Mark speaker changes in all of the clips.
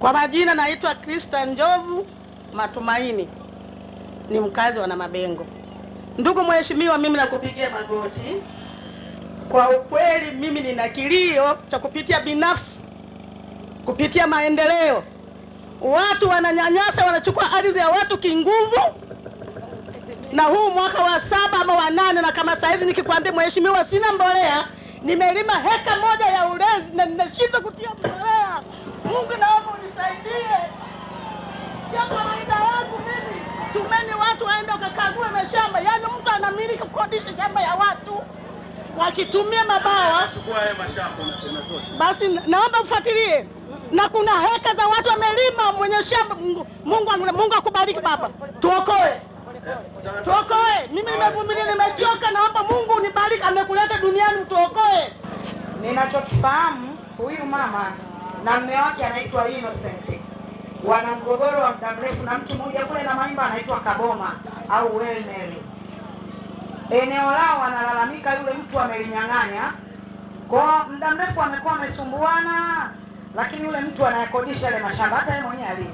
Speaker 1: Kwa majina naitwa Krista Njovu Matumaini, ni mkazi wa Namabengo. Ndugu mheshimiwa, mimi nakupigia magoti kwa ukweli. Mimi nina kilio cha kupitia binafsi, kupitia maendeleo. Watu wananyanyasa, wanachukua ardhi ya watu kinguvu, na huu mwaka wa saba ama wa nane, na kama saizi nikikwambia mheshimiwa, sina mbolea, nimelima heka moja ya ulezi na nimeshindwa kutia mbolea. Mungu na hakuwe na shamba. Yaani mtu anamiliki kukodisha shamba ya watu wakitumia mabawa. Basi naomba ufuatilie, na kuna heka za watu wamelima, mwenye shamba. Mungu, Mungu akubariki baba, tuokoe tuokoe. Mimi nimevumilia, nimechoka. Naomba Mungu unibariki, amekuleta duniani, mtuokoe.
Speaker 2: Ninachokifahamu, huyu mama na mume wake anaitwa Innocent, wana mgogoro wa muda mrefu na mtu mmoja kule na maimba anaitwa Kaboma au welmeli. Eneo lao wanalalamika, yule mtu amelinyang'anya. Kwa muda mrefu amekuwa amesumbuana, lakini yule mtu anayakodisha ile mashamba, hata yeye mwenyewe alimi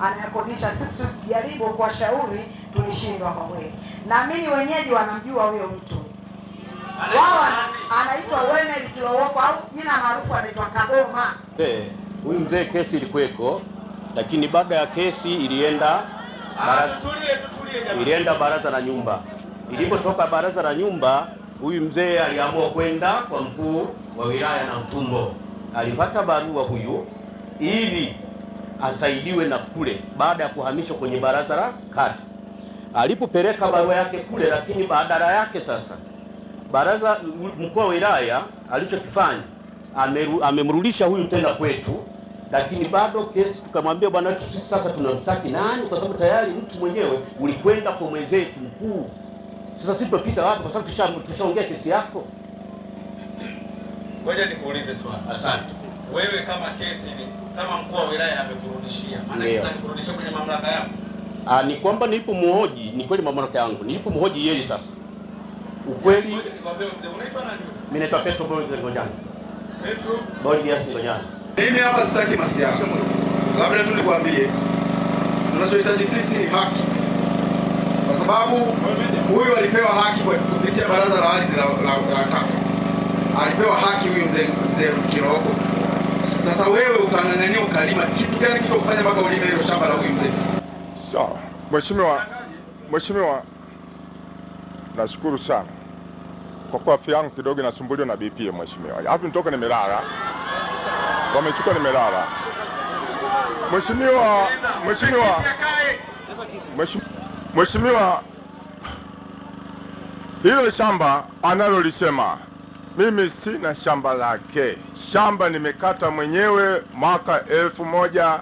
Speaker 2: anayakodisha. Sisi tujaribu kuwashauri, tulishindwa kwa kweli. Naamini wenyeji wanamjua huyo mtu wao anaitwa Wenel Kilowoko au jina maarufu anaitwa Kagoma.
Speaker 3: Eh, huyu mzee kesi ilikuweko, lakini baada ya kesi ilienda
Speaker 4: Ah, baraza...
Speaker 3: ilienda baraza la nyumba. Ilipotoka baraza la nyumba, huyu mzee aliamua kwenda kwa mkuu wa wilaya na Mtumbo, alipata barua huyu ili asaidiwe na kule, baada ya kuhamishwa kwenye baraza la kata. Alipopeleka barua yake kule, lakini badala yake sasa baraza mkuu wa wilaya alichokifanya amemrudisha huyu tena kwetu lakini bado kesi tukamwambia bwana, wetu, sisi sasa tunamtaki nani? Kwa sababu tayari mtu mwenyewe ulikwenda kwa mwenzetu mkuu. Sasa sisi tutapita wapi? Kwa sababu tushaongea kesi yako. Ngoja nikuulize swali. Asante. Wewe kama kesi ni kama mkuu wa wilaya amekurudishia, maana kesi alikurudisha kwenye mamlaka yako. Ah, ni kwamba muhoji, ni kweli mamlaka yangu, muhoji yeye sasa ukweli. Mimi naitwa Petro Boyd Ngojani, Petro Boyd Ngonyani. Mimi hapa sitaki masiara, labda tu nikwambie tunachohitaji sisi ni haki, kwa sababu huyu alipewa haki kwa kupitia baraza la ardhi la kata, alipewa haki huyu mzee mzee Kiroko. Sasa wewe ukang'ang'ania ukalima kitu gani kicho mpaka ulime hilo shamba la huyu mzee? Sawa mheshimiwa, mheshimiwa, nashukuru sana kwa kuwa afya yangu kidogo inasumbuliwa na BP mheshimiwa, hapo nitoka nimelala wamechukua nimelala. Mheshimiwa, Mheshimiwa, Mheshimiwa, hilo shamba analolisema mimi sina shamba lake. Shamba nimekata mwenyewe mwaka elfu moja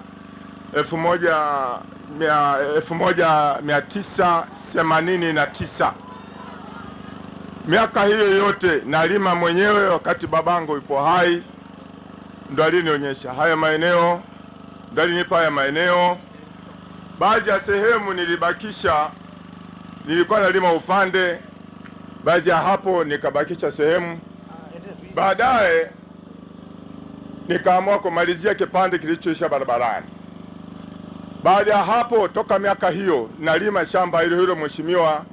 Speaker 3: elfu moja mia, elfu moja mia tisa themanini na tisa. Miaka hiyo yote nalima mwenyewe wakati babangu yupo hai ndo alinionyesha haya maeneo, ndo alinipa haya maeneo. Baadhi ya sehemu nilibakisha, nilikuwa nalima upande, baadhi ya hapo nikabakisha sehemu. Baadaye nikaamua kumalizia kipande kilichoisha barabarani. Baada ya hapo, toka miaka hiyo nalima shamba hilo hilo, mheshimiwa,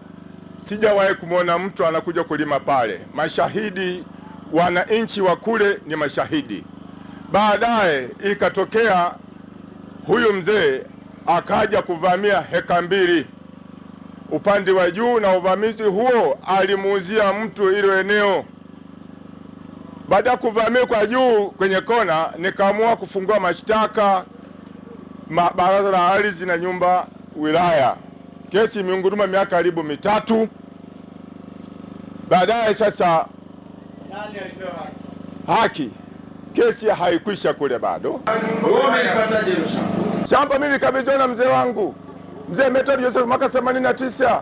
Speaker 3: sijawahi kumwona mtu anakuja kulima pale. Mashahidi, wananchi wa kule ni mashahidi. Baadaye ikatokea huyu mzee akaja kuvamia heka mbili upande wa juu, na uvamizi huo alimuuzia mtu ile eneo. Baada ya kuvamia kwa juu kwenye kona, nikaamua kufungua mashtaka baraza la ardhi na nyumba wilaya. Kesi imeunguruma miaka karibu mitatu. Baadaye sasa nani alipewa haki? haki kesi haikwisha kule bado. Shamba mimi kabidhiwa na mzee wangu mzee Method Joseph mwaka 89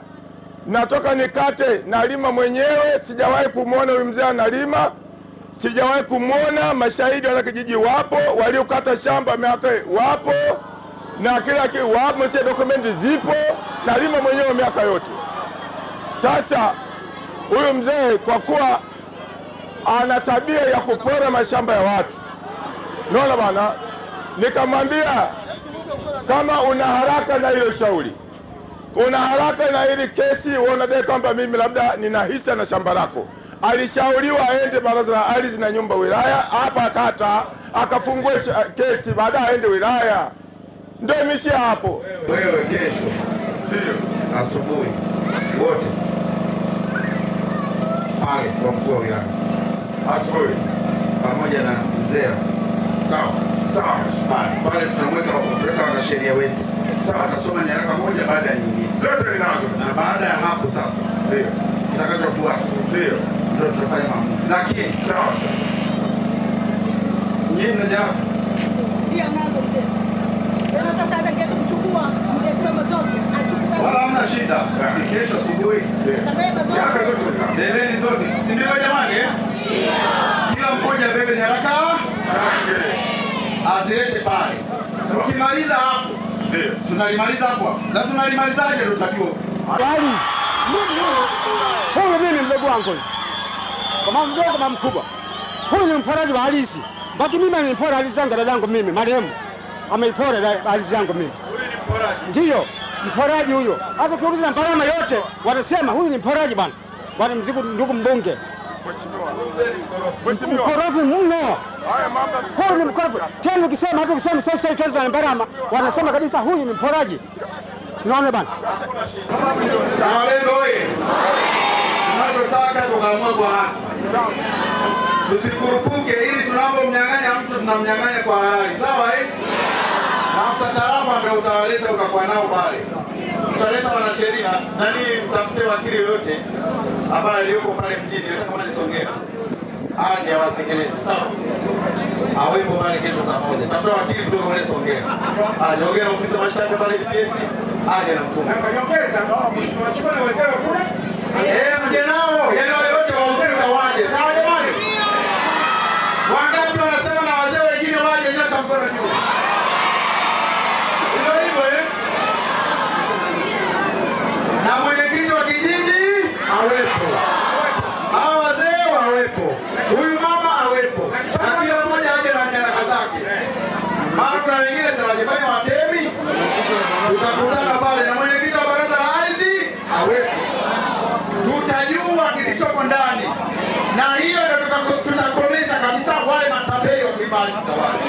Speaker 3: natoka nikate, nalima mwenyewe, sijawahi kumwona huyu mzee analima, sijawahi kumwona. Mashahidi wana kijiji wapo, waliokata shamba miaka wapo na kila kitu wapo, sio dokumenti zipo, nalima mwenyewe miaka yote. Sasa huyu mzee kwa kuwa ana tabia ya kupora mashamba ya watu. Naona bana, nikamwambia kama una haraka na hilo shauri, una haraka na hili kesi, wewe unadai kwamba mimi labda nina hisa na shamba lako. Alishauriwa aende baraza la ardhi na nyumba wilaya hapa kata, akafungua kesi, baadaye aende wilaya. Ndio imeshia hapo. Wewe kesho asubuhi wote pale kwa mkuu wa wilaya asubuhi pamoja na mzee Sawa sawa, pale pale tunamweka tunaweka wanasheria wetu, sawa, atasoma nyaraka moja baada ya nyingine, zote ninazo, na baada ya hapo sasa ndio kitakachofuata, ndio ndio tutafanya maamuzi. Lakini sawa sawa, nyinyi mnajawabu ndio mambo mzee, ndio sasa ndio kuchukua ndio mtoto tunalimaliza hapo, tunalimaliza hapo. Sasa tunalimalizaje? Tutakiwa yaani, huyu, mimi mdogo wangu, kama mdogo kama mkubwa, huyu ni mporaji wa halisi, baki mimi nimepora halisi yangu, dadangu mimi marehemu ameipora halisi yangu mimi, ndiyo mporaji huyo. Hata kiongozi na parama yote wanasema huyu ni mporaji bwana, bwana mzigo, ndugu mbunge, mkorofi mno Huyu ni mkovu. Tena ukisema hata ukisema sasa hivi twende Mbarama, wanasema kabisa huyu ni mporaji. Naona bana. Tunachotaka tukamue kwa haki. Tusikurupuke ili tunapomnyang'anya mtu tunamnyang'anya kwa halali. Sawa eh? Maafisa tarafa ndio utawaleta ukakuwa nao pale. Tutaleta wanasheria, nani mtafute wakili yoyote ambaye yuko pale mjini, hata kama ni Songea. Aje awasikilize. Sawa awepo pale kesho saa moja. Tafuna wakili kidogo leo ongea. Ah, niongea na ofisa mashtaka pale PS, aje na mkuu. Eh, nao. Yaani Wangapi wanasema na wazee wengine waje nyosha mkono juu. walifanya watemi, tutakutana pale na mwenyekiti wa baraza la ardhi awepo, tutajua kilichopo ndani, na hiyo ndio tutakomesha kabisa wale matapeli wa kuibali zawadi.